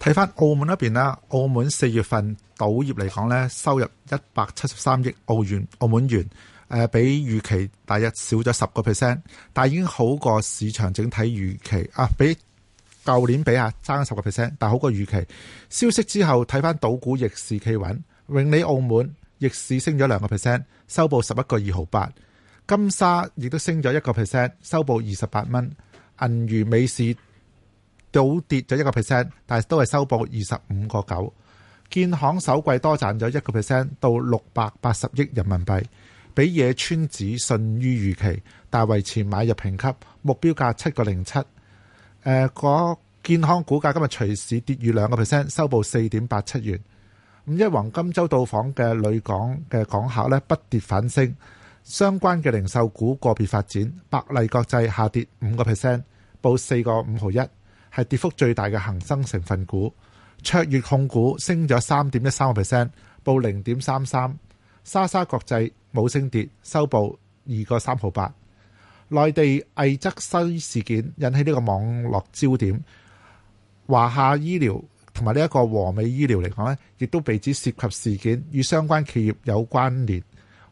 睇翻澳門嗰邊啦，澳門四月份賭業嚟講呢，收入一百七十三億澳元、澳門元，誒比預期大約少咗十個 percent，但已經好過市場整體預期啊！比舊年比啊，爭十個 percent，但好過預期。消息之後睇翻賭股逆市企穩，永利澳門逆市升咗兩個 percent，收報十一個二毫八；金沙亦都升咗一個 percent，收報二十八蚊；銀娛美市。倒跌咗一個 percent，但係都係收報二十五個九。建行首季多賺咗一個 percent 到六百八十億人民幣，比野村指遜於預期，但係維持買入評級，目標價七個零七。誒、呃，嗰建行股價今日隨市跌逾兩個 percent，收報四點八七元。五一黃金周到訪嘅旅港嘅港客咧不跌反升，相關嘅零售股個別發展，百麗國際下跌五個 percent，報四個五毫一。係跌幅最大嘅恒生成份股，卓越控股升咗三點一三個 percent，報零點三三；莎莎國際冇升跌 2.，收報二個三毫八。內地魏則西事件引起呢個網絡焦點，華夏醫療同埋呢一個和美醫療嚟講咧，亦都被指涉及事件與相關企業有關聯。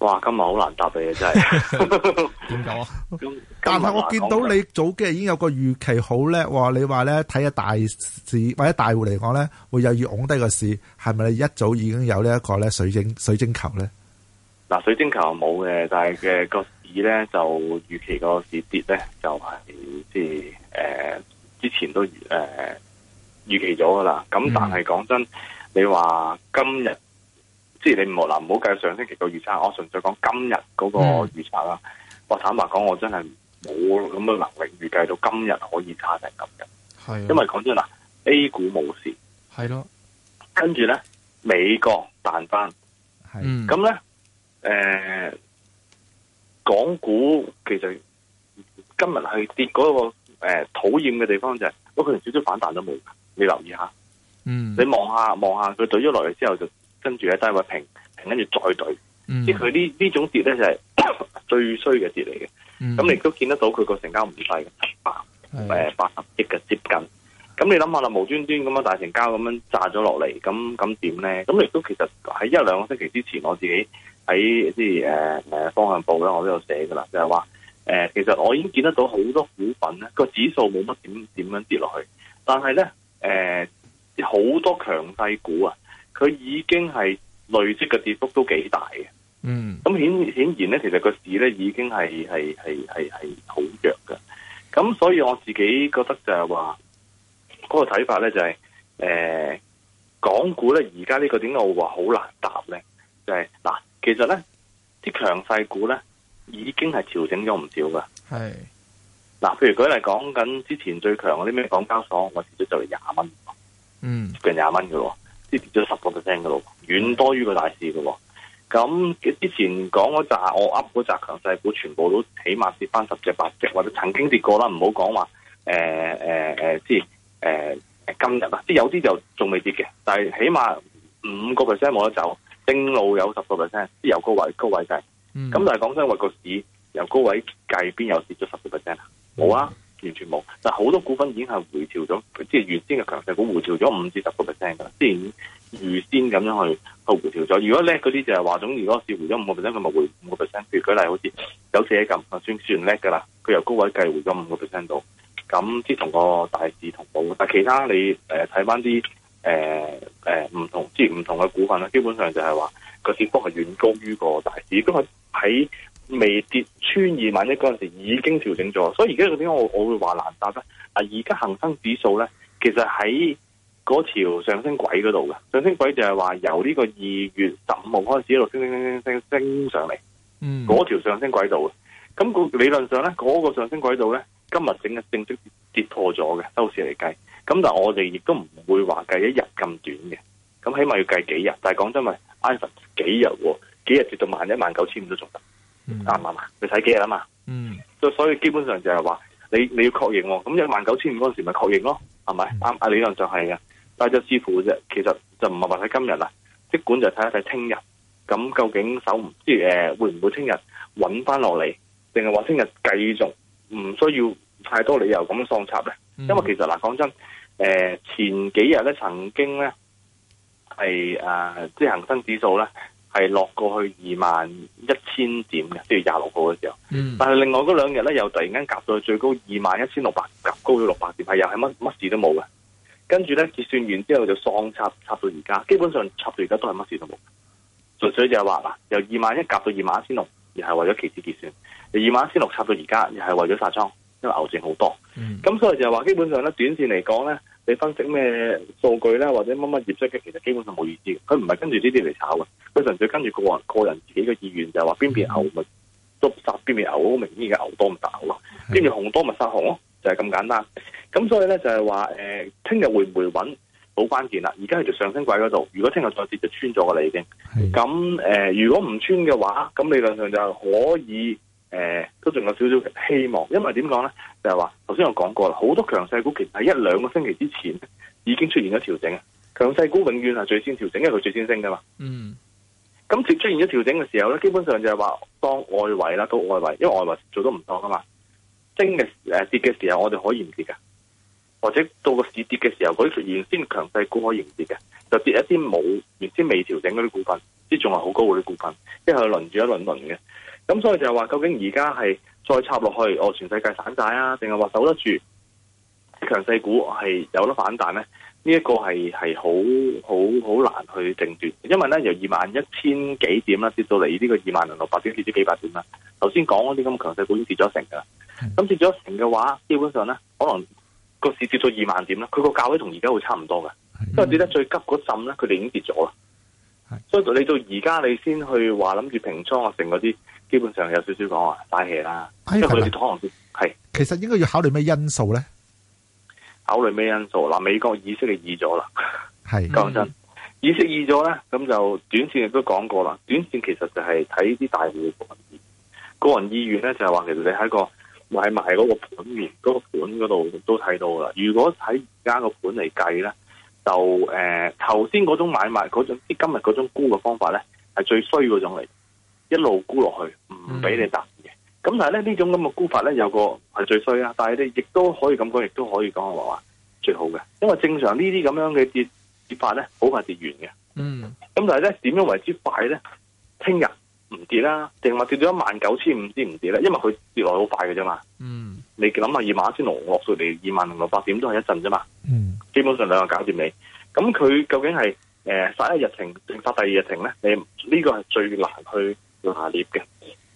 哇，今日好難答你啊！真係點 但係我見到你早幾日已經有個預期好叻，話你話咧睇下大市或者大戶嚟講咧，會有意拱低個市，係咪你一早已經有呢一個咧水晶水晶球咧？嗱，水晶球冇嘅，但係嘅個市咧就預期個市跌咧，就係即係誒之前都誒預、呃、預期咗㗎啦。咁但係講真，你話今日？即係你唔好嗱，唔好計上星期個預測，我純粹講今日嗰個預測啦。嗯、我坦白講，我真係冇咁嘅能力預計到今日可以差成咁嘅。係的，因為講真嗱，A 股冇事，係咯的，跟住咧，美國彈翻，係，咁咧，誒，港股其實今日去跌嗰個誒討厭嘅地方就係、是，不過連少少反彈都冇，你留意下，嗯，你望下望下佢對咗落嚟之後就。跟住咧，低位平，平跟住再懟，即係佢呢呢種跌咧，就係最衰嘅跌嚟嘅。咁、嗯、哼你都見得到佢個成交唔細嘅八，誒，八十億嘅，接近。咁你諗下啦，無端端咁樣大成交咁樣炸咗落嚟，咁咁點咧？咁亦都其實喺一兩個星期之前，我自己喺即係，誒誒，方向報啦，我都有寫噶啦，就係話，誒，其實我已經見得到好多股份咧，個指數冇乜點點樣跌落去，但係咧，誒，好、呃、多強勢股啊！佢已經係累積嘅跌幅都幾大嘅，嗯，咁顯顯然咧，其實個市咧已經係係係係係好弱㗎，咁所以我自己覺得就係話嗰個睇法咧就係、是，誒、呃，港股咧而家呢個點解我話好難答咧？就係、是、嗱，其實咧啲強勢股咧已經係調整咗唔少噶，係是，嗱，譬如舉例講緊之前最強嗰啲咩港交所，我調咗就嚟廿蚊，嗯，接近廿蚊嘅喎。跌咗十個 percent 嘅咯，遠多於個大市㗎。咁之前講嗰扎，我 up 嗰扎強勢股，全部都起碼跌翻十隻八隻，或者曾經跌過啦。唔好講話，誒誒誒，即係誒今日啊，即係有啲就仲未跌嘅，但係起碼五個 percent 冇得走，正路有十個 percent，即由高位高位計。咁但係講真話，個市由高位計，邊又跌咗十個 percent 啊？冇啊！完全冇，但好多股份已經係回調咗，即係原先嘅強勢股回調咗五至十個 percent 㗎，即係預先咁樣去去回調咗。如果叻嗰啲就係話總，如果市回咗五個 percent，佢咪回五個 percent。譬如舉例，好似有四喺咁，算算叻㗎啦。佢由高位計回咗五個 percent 到，咁即同個大市同步。但係其他你誒睇翻啲誒誒唔同，即係唔同嘅股份啦，基本上就係話個跌幅係遠高於個大市，因為喺未跌穿二萬一嗰陣時已經調整咗，所以而家點解我我會話難答咧？啊，而家恒生指數咧，其實喺嗰條上升軌嗰度嘅上升軌就係話由呢個二月十五號開始一路升升升升升升上嚟，嗯，嗰條上升軌道嘅。咁、嗯、個理論上咧，嗰、那個上升軌道咧，今日整日正式跌破咗嘅收市嚟計。咁但係我哋亦都唔會話計一日咁短嘅，咁起碼要計幾日。但係講真，咪 iPhone 幾日喎？幾日、啊、跌到萬一萬九千五都仲得。啱唔啱？你睇幾日啊嘛，嗯，所以基本上就係話你你要確認、哦，咁一萬九千五嗰時咪確認咯，係咪？啱、嗯，理論上係嘅，但係就視乎啫，其實就唔係話睇今日啦，即管就睇一睇聽日，咁究竟手唔知誒、呃，會唔會聽日穩翻落嚟，定係話聽日繼續唔需要太多理由咁樣喪插咧？嗯、因為其實嗱，講、呃、真，誒、呃、前幾日咧曾經咧係誒即係恒生指數咧。係落過去二萬一千點嘅，即係廿六號嘅時候。嗯、但係另外嗰兩日咧，又突然間夾到最高二萬一千六百，夾高咗六百點，係又係乜乜事都冇嘅。跟住咧，結算完之後就喪插插到而家，基本上插到而家都係乜事都冇。純粹就係話啦，由二萬一夾到二萬一千六，而係為咗期指結算；二萬一千六插到而家，而係為咗殺倉，因為牛證好多。咁、嗯、所以就係話，基本上咧，短線嚟講咧。你分析咩數據咧，或者乜乜業績嘅，其實基本上冇意思。佢唔係跟住呢啲嚟炒嘅，佢純粹跟住個人個人自己嘅意願，就係話邊邊牛咪捉殺，邊邊牛明顯依家牛多唔多咯？邊邊熊多咪殺熊咯，就係咁簡單。咁所以咧就係話誒，聽、呃、日會唔會穩好關鍵啦。而家喺度上升軌嗰度，如果聽日再跌就穿咗㗎啦已經。咁誒的、呃，如果唔穿嘅話，咁理論上就可以。誒、呃，都仲有少少希望，因為點講咧？就係話，頭先我講過啦，好多強勢股其實喺一兩個星期之前已經出現咗調整啊。強勢股永遠係最先調整，因為佢最先升噶嘛。嗯。咁接出現咗調整嘅時候咧，基本上就係話當外圍啦，到外圍，因為外圍做得唔多噶嘛，升嘅誒跌嘅時候，時候我哋可以唔跌嘅，或者到個市跌嘅時候，嗰啲原先強勢股可以唔跌嘅，就跌一啲冇，原先未調整嗰啲股份。啲仲係好高嗰啲股份，即係佢輪住一輪輪嘅，咁所以就係話，究竟而家係再插落去哦，全世界散晒啊，定係話守得住強勢股係有得反彈咧？呢、這、一個係係好好好難去定奪，因為咧由二萬一千幾點啦跌到嚟呢個二萬零六百點跌咗幾百點啦，頭先講嗰啲咁強勢股已經跌咗成噶啦，咁的跌咗成嘅話，基本上咧可能個市跌到二萬點啦，佢個價位同而家會差唔多噶，因為跌得呢的最急嗰陣咧，佢哋已經跌咗啦。是所以到你到而家你先去話諗住平倉啊，成嗰啲基本上有少少講話帶氣啦，因為佢哋可能先係。其實應該要考慮咩因素咧？考慮咩因素嗱、啊？美國意識嘅意咗啦，係講是真，嗯、意識意咗咧，咁就短線亦都講過啦。短線其實就係睇啲大戶個人，人意願咧，就係話其實你喺個買賣嗰個盤面嗰個盤嗰度都睇到噶啦。如果喺而家個盤嚟計咧。就誒頭先嗰種買賣嗰種，即今日嗰種沽嘅方法咧，係最衰嗰種嚟，一路沽落去唔俾你答嘅。咁、嗯、但係咧呢這種咁嘅沽法咧有個係最衰啦，但係你亦都可以咁講，亦都可以講話話最好嘅，因為正常呢啲咁樣嘅跌跌法咧，好快跌完嘅。嗯，咁但係咧點樣為之快咧？聽日。唔跌啦，定話跌咗一萬九千五支。唔跌咧，因為佢跌落好快嘅啫嘛。嗯、mm.，你諗下二萬一千六落到嚟，二萬零六百點都係一陣啫嘛。嗯，mm. 基本上兩個搞掂你。咁佢究竟係誒發一日停定發第二日停咧？你呢、這個係最難去拿捏嘅。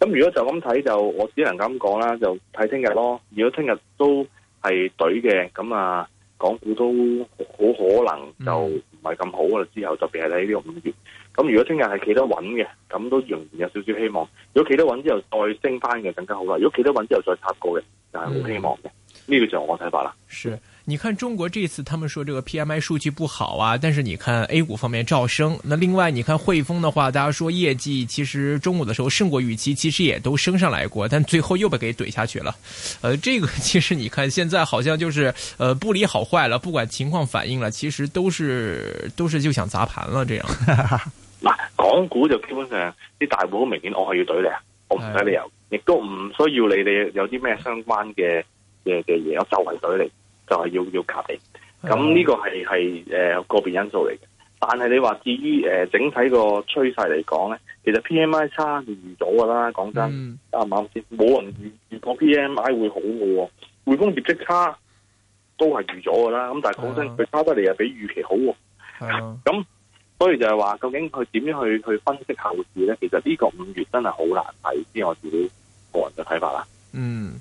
咁如果就咁睇就，我只能咁講啦，就睇聽日咯。如果聽日都係懟嘅，咁啊，港股都好可能就唔係咁好啦。Mm. 之後特別係喺呢個五月。咁如果聽日係企得穩嘅，咁都仍然有少少希望。如果企得穩之後再升返嘅更加好啦。如果企得穩之後再插高嘅，就係、是、好希望嘅。呢、嗯、個就我睇法啦。是，你看中國這次，他們說這個 P M I 數據不好啊，但是你看 A 股方面照升。那另外你看匯豐的話，大家說業績其實中午的時候勝過預期，其實也都升上來過，但最後又被給懟下去了。呃，這個其實你看，現在好像就是，呃，不理好壞了，不管情況反應了，其實都是都是就想砸盤了，這樣。 嗱，港股就基本上啲大股好明顯，我係要懟你啊！我唔使理由，亦是的 都唔需要你哋有啲咩相關嘅嘅嘅嘢，我就係懟你，就係、是、要要夾你。咁呢的個係係誒個別因素嚟嘅。但係你話至於誒、呃、整體個趨勢嚟講咧，其實 P M I 差就預咗噶啦。講真，啱唔啱先？冇、嗯、人預預過 P M I 會好嘅、啊、喎，匯豐業績差都係預咗噶啦。咁但係講真，佢的差得嚟又比預期好喎、啊。咁的所以就係話，究竟佢點樣去去分析後市咧？其實呢個五月真係好難睇，呢我自己個人嘅睇法啦。嗯。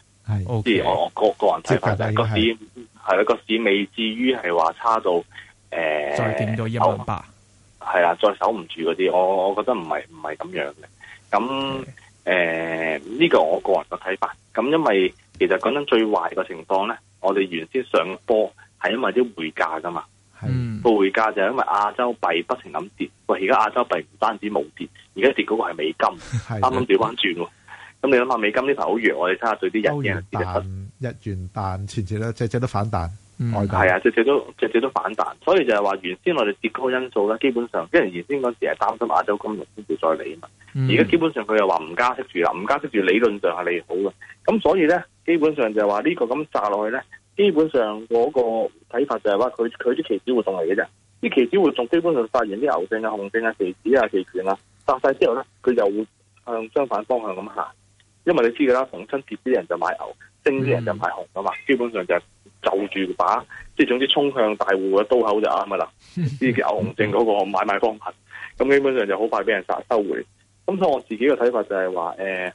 係，即係我我，我，我個個人睇法，就是，就個市係一的個市未至於係話差到誒、呃哦，再跌到一萬八，係啊再守唔住嗰啲，我我覺得唔係唔係咁樣嘅。咁誒，呢個我個人嘅睇法。咁因為其實講緊最壞嘅情況咧，我哋原先上波係因為啲匯價噶嘛，個匯價就係因為亞洲幣不停咁跌。喂，而家亞洲幣唔單止冇跌，而家跌嗰個係美金，啱啱調翻轉。咁你諗下美金呢排好弱，我哋睇下對啲日嘅日元彈，日元彈前前咧只只都反彈，外幣係啊，只只都只只都反彈，所以就係話原先我哋跌嗰個因素咧，基本上因係原先嗰時係擔心亞洲金融先至再嚟啊嘛。而家基本上佢又話唔加息住啦，唔加息住理論上係利好嘅。咁所以咧，基本上就係話呢個咁砸落去咧，基本上我個睇法就係話佢佢啲期指活動嚟嘅啫，啲期指活動基本上發現啲牛證啊、熊證啊、期指啊、期權啊，砸晒之後咧，佢又會向相反方向咁行。因為你知噶啦，逢親啲人就買牛，升啲人就買熊啊嘛，mm. 基本上就就住把，即係總之衝向大戶嘅刀口就啱噶啦。呢個、mm. 牛熊證嗰個買賣方品，咁基本上就好快俾人殺收回。咁所以我自己嘅睇法就係話，誒、呃，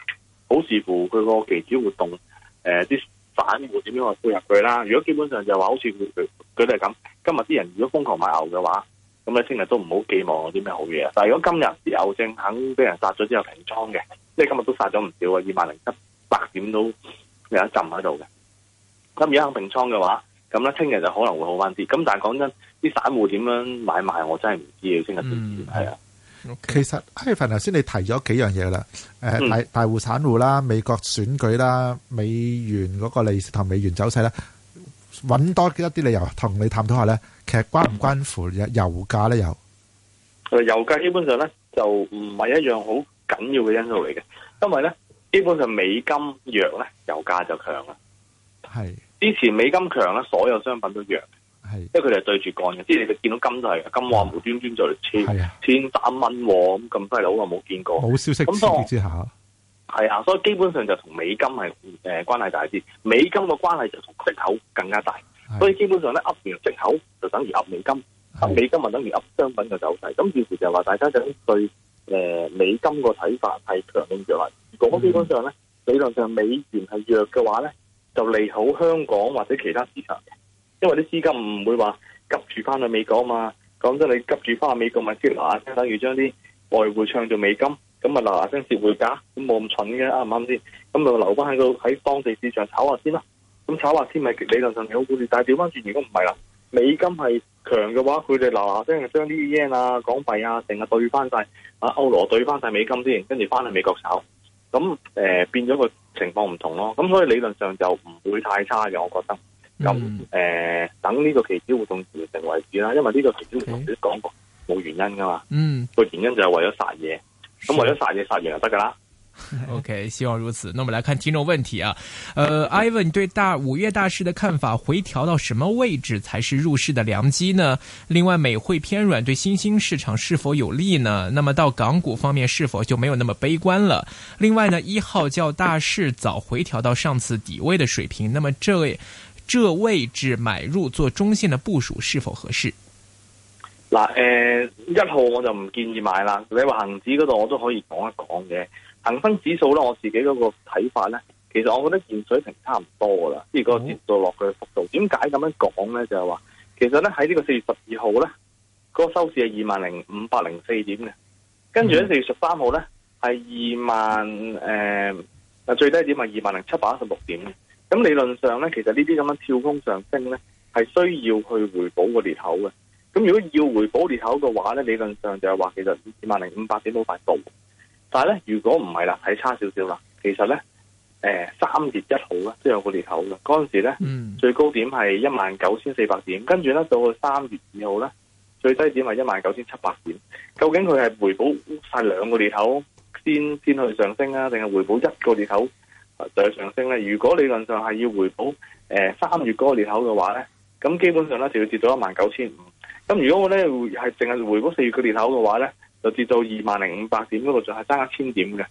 好視乎佢個期指活動，誒、呃，啲散戶點樣去配合佢啦。如果基本上就係話好似佢佢都係咁，今日啲人如果瘋狂買牛嘅話，咁咧聽日都唔好寄望有啲咩好嘢。但係如果今日牛證肯俾人殺咗之後平倉嘅。即係今日都殺咗唔少啊，二萬零七百點都有一浸喺度嘅。咁而家平倉嘅話，咁咧聽日就可能會好翻啲。咁但係講真，啲散戶點樣買賣，我真係唔知啊。聽日點？係啊，其實阿 Ivan 頭先你提咗幾樣嘢啦，誒、嗯、大大戶散戶啦、美國選舉啦、美元嗰個利息同美元走勢啦，揾多一啲理由同你探討下咧。其實關唔關乎油價咧？有誒，油價基本上咧就唔係一樣好緊要嘅因素嚟嘅，因為咧基本上美金弱咧，油價就強啦。係之是的 前美金強咧，所有商品都弱。係，是的 因為佢哋係對住幹嘅，即係你哋見到金都係，金話無端端就嚟千千三蚊咁咁犀利，好耐冇見過。冇消息刺激之下，係啊，所以基本上就同美金係誒、呃、關係大啲。美金嘅關係就同出口更加大，是的 所以基本上咧，噏完出口就等於噏美金，噏美金啊等於噏商品嘅走勢。咁件事就係話大家就對。誒、呃，美金強，個睇法，係強定弱？如果基本上咧，理論上美元係弱嘅話咧，就利好香港或者其他市場，因為啲資金唔會話急住翻去美國啊嘛。講真，你急住翻去美國咪跌埋啊，即係等於將啲外匯唱做美金，咁咪嗱嗱聲接回價，咁冇咁蠢嘅，啱唔啱先？咁咪留翻喺、那個喺當地市場炒下先啦。咁炒下先咪理論上你好，股但係調返轉，如果唔係啦。美金係強嘅話，佢哋樓下真係將啲 yen 啊、港幣啊成日兌翻晒，啊歐羅兌翻晒美金先，啊，跟住翻去美國炒，咁誒、呃、變咗個情況唔同咯，咁所以理論上就唔會太差嘅，我覺得，咁誒、呃、等呢個期指活動完成為止啦，因為呢個期指活動你都講過冇原因噶嘛，嗯，個原因就係為咗殺嘢。咁為咗殺嘢，殺完就得噶啦。OK，希望如此。那我們來看聽眾問題啊，呃，Ivan，你對大五月大市的看法，回調到什麼位置才是入市的良機呢？另外，美匯偏軟對新興市場是否有利呢？那麼到港股方面是否就沒有那麼悲觀了？另外呢，一號叫大市早回調到上次底位的水平，那麼這這位置買入做中線的部署是否合適？嗱、呃，一號我就唔建議買啦。你話恆指嗰度我都可以講一講嘅。恒生指數咧，我自己嗰個睇法咧，其實我覺得現水平差唔多噶啦，即係個跌到落去嘅幅度。點解咁樣講咧？就係話，其實咧喺呢個四月十二號咧，嗰個收市係二萬零五百零四點嘅。跟住喺四月十三號咧，係二萬誒最低點係二萬零七百一十六點嘅。咁理論上咧，其實呢啲咁樣跳空上升咧，係需要去回補個裂口嘅。咁如果要回補裂口嘅話咧，理論上就係話其實二萬零五百點好快到。但係咧，如果唔係啦，睇差少少啦。其實咧，誒、呃、三月一號咧都有個裂口嘅。嗰陣時咧，嗯、最高點係一萬九千四百點，跟住咧到三月二號咧，最低點係一萬九千七百點。究竟佢係回補晒兩個裂口先先去上升啊，定係回補一個裂口再上升咧？如果理論上係要回補誒、呃、三月嗰個裂口嘅話咧，咁基本上咧就要跌到一萬九千五。咁如果我咧係淨係回補四月個裂口嘅話咧？就跌到二萬零五百點嗰度，那個、1, 就係爭一千點嘅，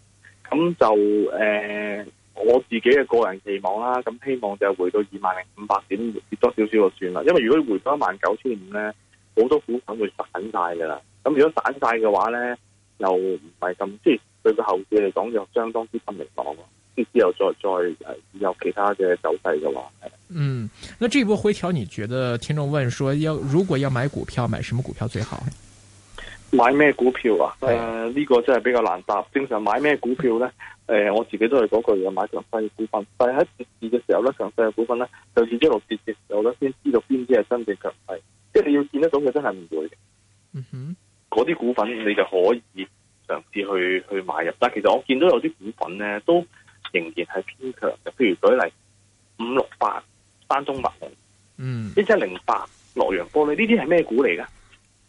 咁就誒我自己嘅個人期望啦，咁希望就回到二萬零五百點跌多少少就算啦。因為如果回返一萬九千五咧，好多股份會散晒噶啦。咁如果散晒嘅話咧，又唔係咁，即係對個後市嚟講又相當之不明朗，即之後再再誒有其他嘅走勢嘅話，嗯，那這波回調，你覺得聽眾問說要如果要買股票，買什麼股票最好？買咩股票啊？誒、呃，呢、這個真係比較難答。正常買咩股票咧？誒、呃，我自己都係嗰句嘢買強勢股份。但係喺跌市嘅時候咧，強勢嘅股份咧就只、是、一路跌跌，嘅時候咧先知道邊啲係真正強勢。即、就、係、是、你要見得到嘅真係唔會的。嗯哼、mm，嗰、hmm. 啲股份你就可以嘗試去去買入。但係其實我見到有啲股份咧都仍然係偏強嘅。譬如舉例五六八、山東墨龍、嗯一七零八、洛陽玻璃呢啲係咩股嚟咧？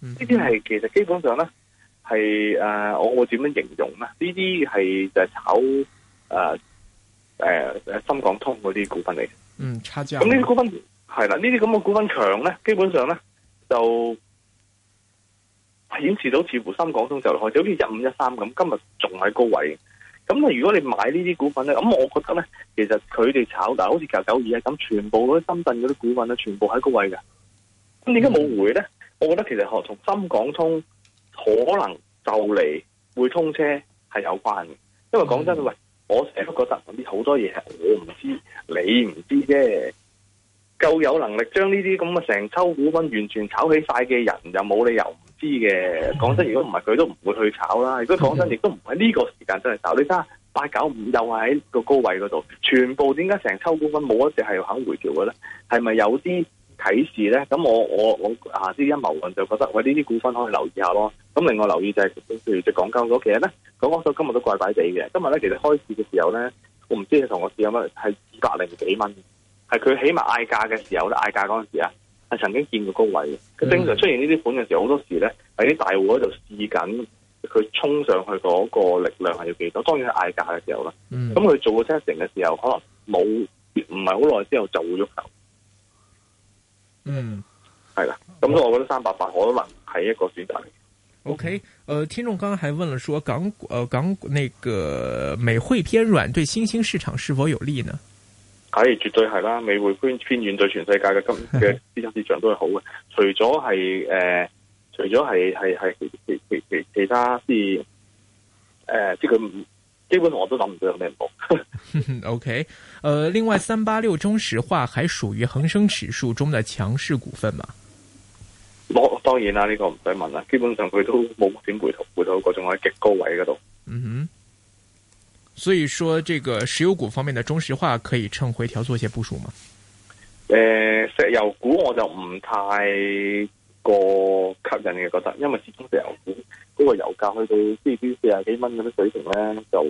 呢啲係其實基本上咧係誒，我會點樣形容咧？呢啲係就係炒誒誒誒深港通嗰啲股份嚟嘅。嗯，差咁呢啲股份係啦，呢啲咁嘅股份強咧，基本上咧就顯示到似乎深港通就開，就好似一五一三咁，今日仲喺高位。咁如果你買呢啲股份咧，咁我覺得咧，其實佢哋炒，但好似九九二啊咁，全部嗰啲深圳嗰啲股份咧，全部喺高位嘅。咁點解冇回咧？嗯我覺得其實學同深港通可能就嚟會通車係有關嘅，因為講真喂，我成日都覺得啲好多嘢係我唔知，你唔知啫。夠有能力將呢啲咁嘅成抽股份完全炒起晒嘅人，又冇理由唔知嘅。講真，如果唔係佢都唔會去炒啦。如果講真，亦都唔係呢個時間真係炒。你睇下八九五又係喺個高位嗰度，全部點解成抽股份冇一隻係肯回調嘅咧？係咪有啲？提示咧，咁我我我啊，啲陰謀論就覺得，我呢啲股份可以留意下咯。咁另外留意就係譬如隻港交所，其實咧，港交所今日都怪怪地嘅。今日咧，其實開始嘅時候咧，我唔知你同我試有乜，係二百零幾蚊，係佢起碼嗌價嘅時候咧，嗌價嗰陣時啊，係曾經見過高位嘅。佢經、mm hmm. 常出現呢啲款嘅時候，好多時咧喺啲大戶嗰度試緊，佢衝上去嗰個力量係要幾多？當然係嗌價嘅時候啦。咁佢、mm hmm. 做個 testing 嘅時候，可能冇唔係好耐之後就會喐手。嗯，係啦，咁所以我覺得三百八可能係一個選擇嚟嘅。OK，誒，聽眾剛剛還問了說，說港股誒、呃、港股那個美匯偏軟，對新興市場是否有利呢？係，絕對係啦，美匯偏偏軟對全世界嘅金嘅市場市場都係好嘅。除咗係誒，除咗係係係其其其其,其他啲誒，即係佢。基本我都諗唔到有咩唔好。OK，誒、呃，另外三八六中石化還屬於恆生指數中的強勢股份嗎？當然啦，呢、這個唔使問啦，基本上佢都冇點回頭，回頭嗰種喺極高位嗰度。嗯哼。所以說，這個石油股方面的中石化可以趁回調做一些部署嗎？誒、呃，石油股我就唔太過吸引嘅，覺得因為始終石油股。嗰個油價去到四，B 四啊幾蚊咁嘅水平咧，就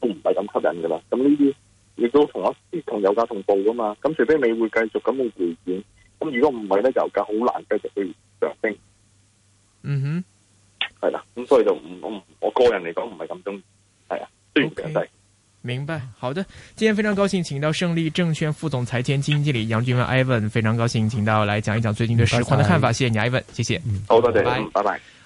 都唔係咁吸引噶啦。咁呢啲亦都同我同油價同步噶嘛。咁除非美匯繼續咁樣回軟，咁如果唔係咧，油價好難繼續去上升。嗯哼，係啦。咁所以就唔，我個人嚟講唔係咁中意，係啊。對唔住啊，okay. 明白，好的。今天非常高興請到勝利證券副總裁兼基金經理楊俊文 Ivan，非常高興請到來講一講最近對市況嘅看法。謝謝你，Ivan，謝謝。好多謝，拜拜。拜拜。